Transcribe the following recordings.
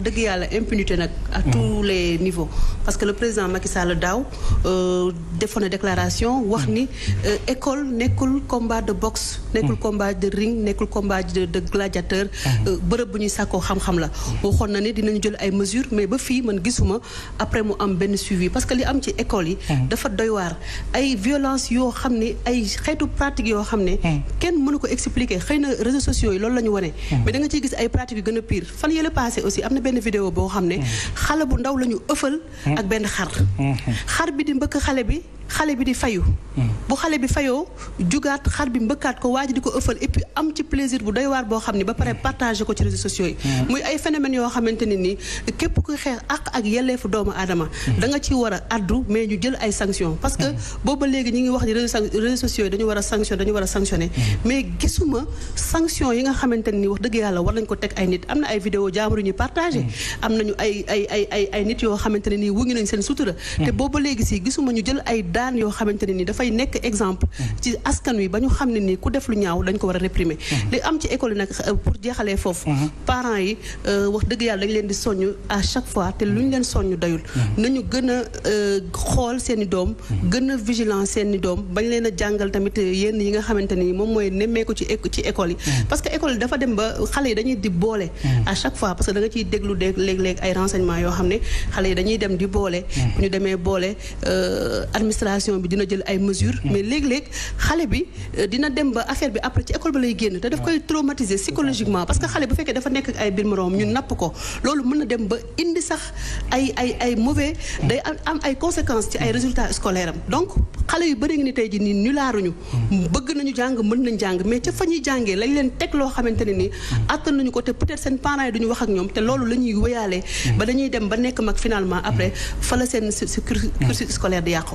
de dëgg impunité à mm. tous les niveaux parce que le président Macky Sall daaw euh, defoon une déclaration wax mm. ni euh, école nekkul combat de boxe. nekkul mm. combat de ring nekkul combat de de gladiateur. Euh, bërëb bu ñuy sàkkoo xam-xam la. waxoon na ni dinañ jël ay mesures mais ba fii man gisuma après mu am ben suivi parce que li am ci école yi. dafa doy waar ay violence yoo xam ne ay xeetu pratique yoo xam ne. mënu ko expliquer xëy réseaux sociaux yi loolu la ñu mais da nga ciy gis ay pratiques yu gën pire fan le passé aussi benn vidéo boo xam ne mm. xale bu ndaw la ñu ëffal mm. ak benn xar mm. xar bi di mbëkk xale bi xale bi di fayu hmm. bu xale bi fayoo jugaat xar bi mbëkkaat ko waaj di ko ëffal et puis am ci plaisir bu doy waar boo xam ne ba pare partagé ko ci réseaux sociaux yi hmm. muy ay phénomènes yoo xamante ne nii képp ku xeex ak ak yelleefu doomu aadama hmm. da nga ci war a addu mais ñu jël ay sanctions parce que booba léegi ñu ngi wax ni réseaux sociaux yi dañu war a sanction dañu war a sanctionné mais gisuma sanction yi nga xamante ne nii wax dëgg yàlla war nañ ko teg ay nit am na ay vidéo jaamur ñu partagé am nañu ay ay ay ay ay nit yoo xamante ne nii wu nañ seen sutura te booba léegi si gisuma ñu jël ay daan yoo xamante ne ni dafay nekk exemple ci askan wi ba ñu xam ne nii ku def lu ñaaw dañ ko war a réprimer li am ci école yi nag euh, pour jeexalee foofu mhm. parents yi euh, wax dëgg yàlla dañ leen di soññ à chaque fois te lu ñu leen soññ doyul mhm. nañu gën a euh, xool seeni doom mhm. gën a vigilant seeni doom bañ leen a jàngal tamit yenn yi nga xamante ni moom mooy nemmeeku ci ci école yi parce que école yi dafa dem ba xale yi dañuy di boole à chaque fois parce que da nga ciy déglu dé léeg-léeg ay renseignements yoo xam ne xale yi dañuy dem di boole bu ñu administration bi dina jël ay mesures. Mm. mais lég lég xalé bi euh, dina dem ba affaire bi après ci école ba lay génn te daf mm. koy traumatiser psychologiquement parce que xalé bu fekkee dafa nekk ay bir morom ñun napp ko loolu mën na dem ba indi sax ay ay ay mauvais day am ay conséquences ci ay mm. résultats scolaires am donc xalé yu bëri ngi ni tey ji nii ñu laaruñu bëgg nañu jàng mën nañ jàng mais ca fa ñuy jàngee lañ leen teg loo xamante ni nii nañu ko te peut-être seen parents yi duñu wax ak ñoom te loolu la ñuy wéyaale ba dañuy dem ba nekk mag finalement après fa la seen cursus scolaire di yàqu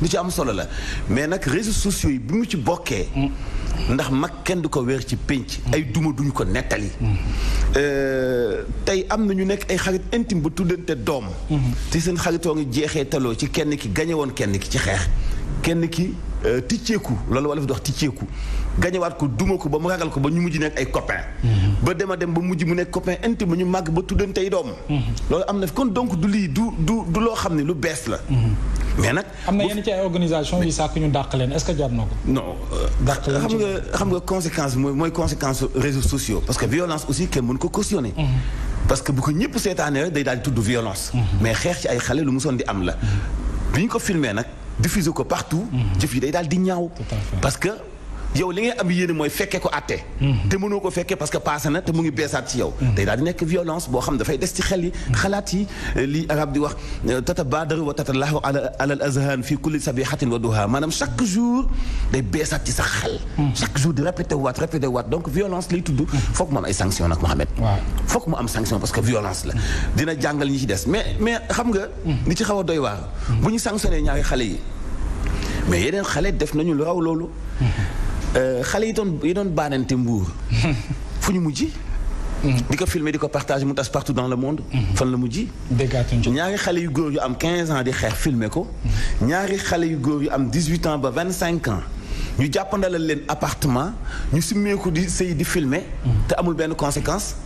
lu ci am solo la mais nag réseaux sociaux yi bi mu ci bokkee ndax mag kenn du ko weer ci pénc ay duma duñu ko nettali euh, tey am na ñu nekk ay xarit intime ba tuddante doom mm-hmm. te seen xaritoo ngi jeexee taloo ci kenn ki gañe kenn ki ci xeex kenn ki euh, ticceeku loolu wala fi dox ticceeku gañewaat ko duma ko ba mu ragal ko ba ñu mujj nekk ay copain mhm. ba dem a dem ba mujj mu nekk copain intime ñu màgg ba tuddante ay doom mhm. loolu am na fi kon donc du lii du du du loo xam ne lu bees la mhm. mais nag am na yenn ci ay organisation yi sàkk ñu dàq leen est-ce que jar na ko non euh, dàq xam nga xam nga conséquence mooy mooy conséquence réseaux sociaux parce que violence aussi kenn mënu ko cautionné. parce que bu ko ñëpp seetaanee rek day daal di tudd violence mais xeex ci ay xale lu musoon di am la bi ñu ko filmé nag diffuser ko partout. je dans le dîner di parce que yow li ngay am yene moy fekke ko até mhm. té mëno ko fekke parce que passé na té mu ngi beesaat ci yow day mhm. dal di violence bo xam fay des ci xel yi mhm. xalat yi eh, li arab di wax eh, tata baadar wa tata lahu ala al azhan fi kulli sabihatin wa duha manam chaque jour day beesaat ci sa xel chaque jour di répéter waat répéter waat donc violence li tudd foog mu am ay sanction nak Mohamed foog mo am sanction parce que violence la dina jangal ñi ci dess mais mais xam nga ni ci xaw doy waar bu ñu sanctionné ñaari xalé yi mais yeneen xalé def nañu lu raw euh, xale yi yi mm-hmm. filmer diko partager partout dans le monde. Mm-hmm. fan la mujj. ñaari yu am 15 ans di xex filmer ko. Mm-hmm. ñaari 18 ans ba 25 ans. ñu jàppandalal leen appartement ñu ko di sey di filmer te amul ben conséquence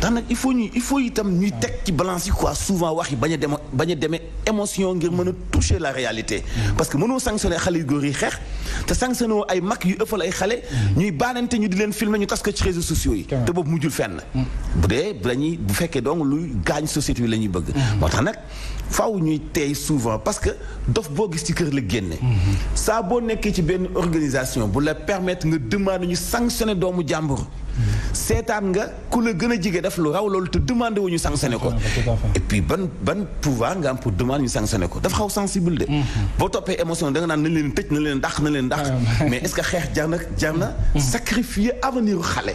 tax il faut ñu il faut itam ñuy tek ci balance quoi souvent wax yi bañ a dem bañ a émotion ngir mëna toucher la réalité. parce que mënoo sanctionné xalé yu góor yi xeex te sanctionné woo ay mak yu eufal ay xalé ñuy banante ñu di leen filmer ñu tas ci réseaux sociaux yi. te mu jul fenn. bu dé dañuy bu féké donc luy gañ société yi la bëgg. Mm-hmm. moo tax nag faaw ñuy téy souvent parce que dof bo gis ci kër la génné mm-hmm. saa bo nekkee ci benn organisation bu la permettre nga demander ñu sanctionné doomu jambour mm-hmm seetaan nga ku la gëna a jige def lu raw loolu te demandé wuñu ñu sanctionné ko et puis ban ban pouvoir nga am pour demander ñu sanctionné ko dafa xaw sensible de mm-hmm. bo topé émotion da nga naan nañ leen tecc na leen dakh na leen dakh mais est-ce que xex jar jarna mm-hmm. sacrifier avenir xalé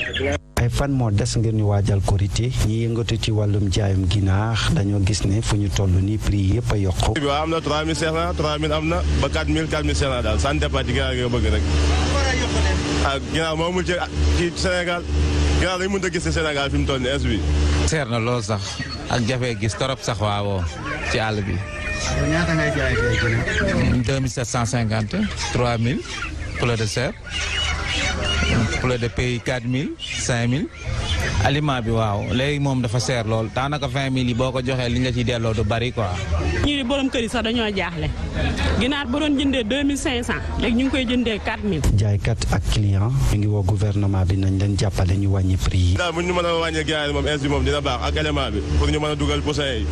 ay fan mo dess ngir ñu waajal korité ñi yëngatu ci walum jaayum ginaax dañu gis ne fu ñu tollu ni prix yépp a yokk bi amna na 3500 3000 amna ba 4000 4500 daal ça ne dépend ci ginaax nga bëgg rek ak ginaax mo ci ci Sénégal ginaax lañ mënta gis ci Sénégal fi mu toll ni es bi seer na sax ak jafé gis torop sax waawo ci all bi ñaata ngay jaay 2750 3000 poulet de serre emplois de pays 4000 5000 aliment bi waaw léegi moom dafa seer lool daanaka 20000 yi boo ko joxee li ñu la ciy delloo du bari quoi. ñii di borom kër yi sax dañoo jaaxle ginaar ba doon jëndee léegi ñu ngi koy jëndee 4000. jaaykat ak client ñu ngi woo gouvernement bi nañ leen jàppale ñu wàññi prix yi. daal bu ñu mën a wàññee ginaar yi moom ins bi moom dina baax ak élément bi pour ñu mën a dugal poussin yi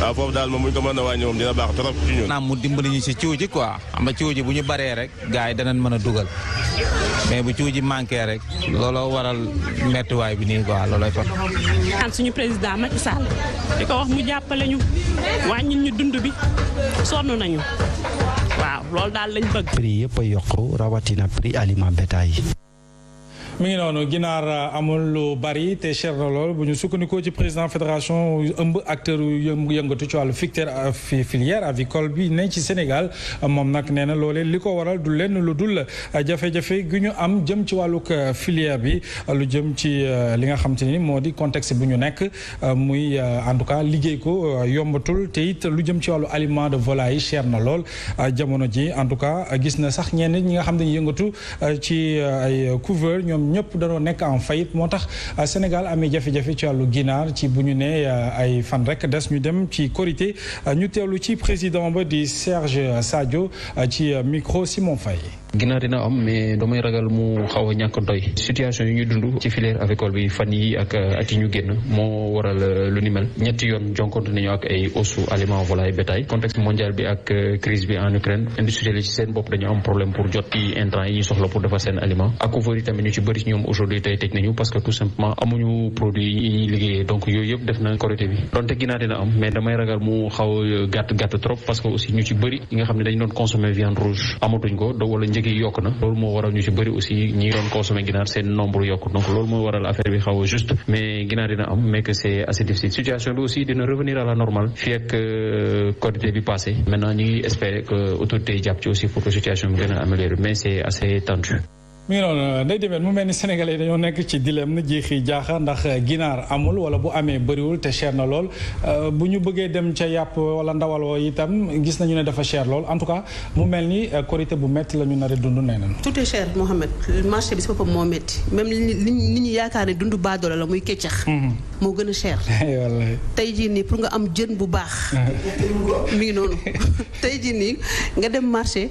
waaw foofu daal moom bu ñu ko a wàññi moom dina baax trop ci ñun. naam mu dimbali ñu si ciw xam nga ciw bu ñu baree rek gars yi danañ mën a dugal mais bu cuuji manqué rek looloo waral mettiwaay bi nii quoi loolooy fat an suñu président Macky Sall di ko wax mu jàppale ñu wàññil ñu dund bi sonn nañu waaw loolu daal lañ bëgg prix yëpp a yokk rawatina prix aliment bétail yi mi ngi noonu ginaar amul lu bari te cher na lool bu ñu sukkandikoo ci président fédération ëmb acteur yëngatu ci wàllu ficteur filière avicole bi ne ci Sénégal moom nag nee na loolee li ko waral du lenn lu dul jafe-jafe gi ñu am jëm ci wàlluk filière bi lu jëm ci li nga xam te ni moo di contexte bu ñu nekk muy en tout cas liggéey ko yombatul te it lu jëm ci wàllu aliment de volaille cher na lool jamono ji en tout cas gis na sax ñenn ñi nga xam ne yëngatu ci ay couveur ñoom ñëpp danoo nekk en faillite moo tax euh, Sénégal amee jafe-jafe ci wàllu ginaar ci bu ñu nee euh, ay fan rek des ñu dem ci korité euh, ñu teewlu ci président ba di Serge Sadio ci micro Simon Faye ginnaar dina am mais damay ragal mu xaw a ñàkk doy situation yi ñu dund ci filière avicole bi fan yi ak euh, at yi ñu génn moo waral euh, lu ni mel ñetti yoon jonkonte nañu ak ay hausse aliment volaille contexte mondial bi ak euh, crise bi en Ukraine industriel yi ci seen bopp dañu am problème pour jot ci intrants yi ñu soxla pour defar seen aliment acouveurs yi tamit ñu ci bëri tey tëj nañu parce que tout simplement amuñu produit yi ñuy donc yooyu yëpp def na korité bi prix yi yokk na loolu moo waral ñu ci bëri aussi ñi doon consommer ginaar seen nombre yokk donc loolu mooy waral affaire bi xaw juste mais ginaar dina am mais que c'est assez difficile situation bi aussi dina revenir à la normale fii euh, bi passé maintenant ñu ngi que autorités jàpp ci aussi pour que situation bi gën a mais c'est assez tendu mi ngi euh, day demee mu mel ni sénégal yi dañoo nekk ci dilemme jeexi jaaxa ndax euh, ginaar amul wala bu amee bariwul te cher na lool euh, bu ñu bëggee dem ca yàpp wala ndawaloo itam gis nañu ne dafa cher lool en tout cas mu mel ni korité bu métti la ñu nar a dund nee nañu. tout est cher Mohamed marché bi si boppam moo métti même li li ñu yaakaar ne dund baadoola la muy këccax. Mm-hmm. moo gën a cher. Eh, wallaay tey jii nii pour nga am jën bu baax. mi ngi noonu tey jii nii nga dem marché.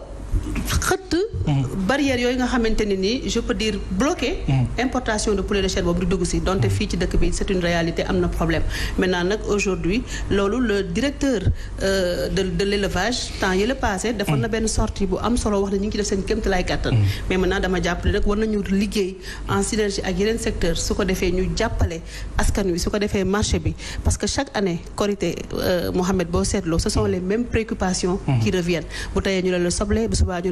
xëtt barrière yooyu nga xamante ni je peux dire bloqué mm. importation de poulet de chair boobu di dugg si donte mm. fii ci dëkk bi c'est une réalité am na problème maintenant nag aujourd'hui loolu le directeur euh, de de l'élevage il est passé defoon mm. na benn sortie bu am solo wax ne ñu ngi ci def seen kéemtalaay mais maintenant dama jàpp ne nag war nañu liggéey en synergie ak yeneen secteur su ko defee ñu jàppale askan wi su ko defee marché bi parce que chaque année Corité, euh, Mohamed boo seetloo ce sont les mêmes préoccupations qui reviennent bu teyee ñu le soble bu subaa ñu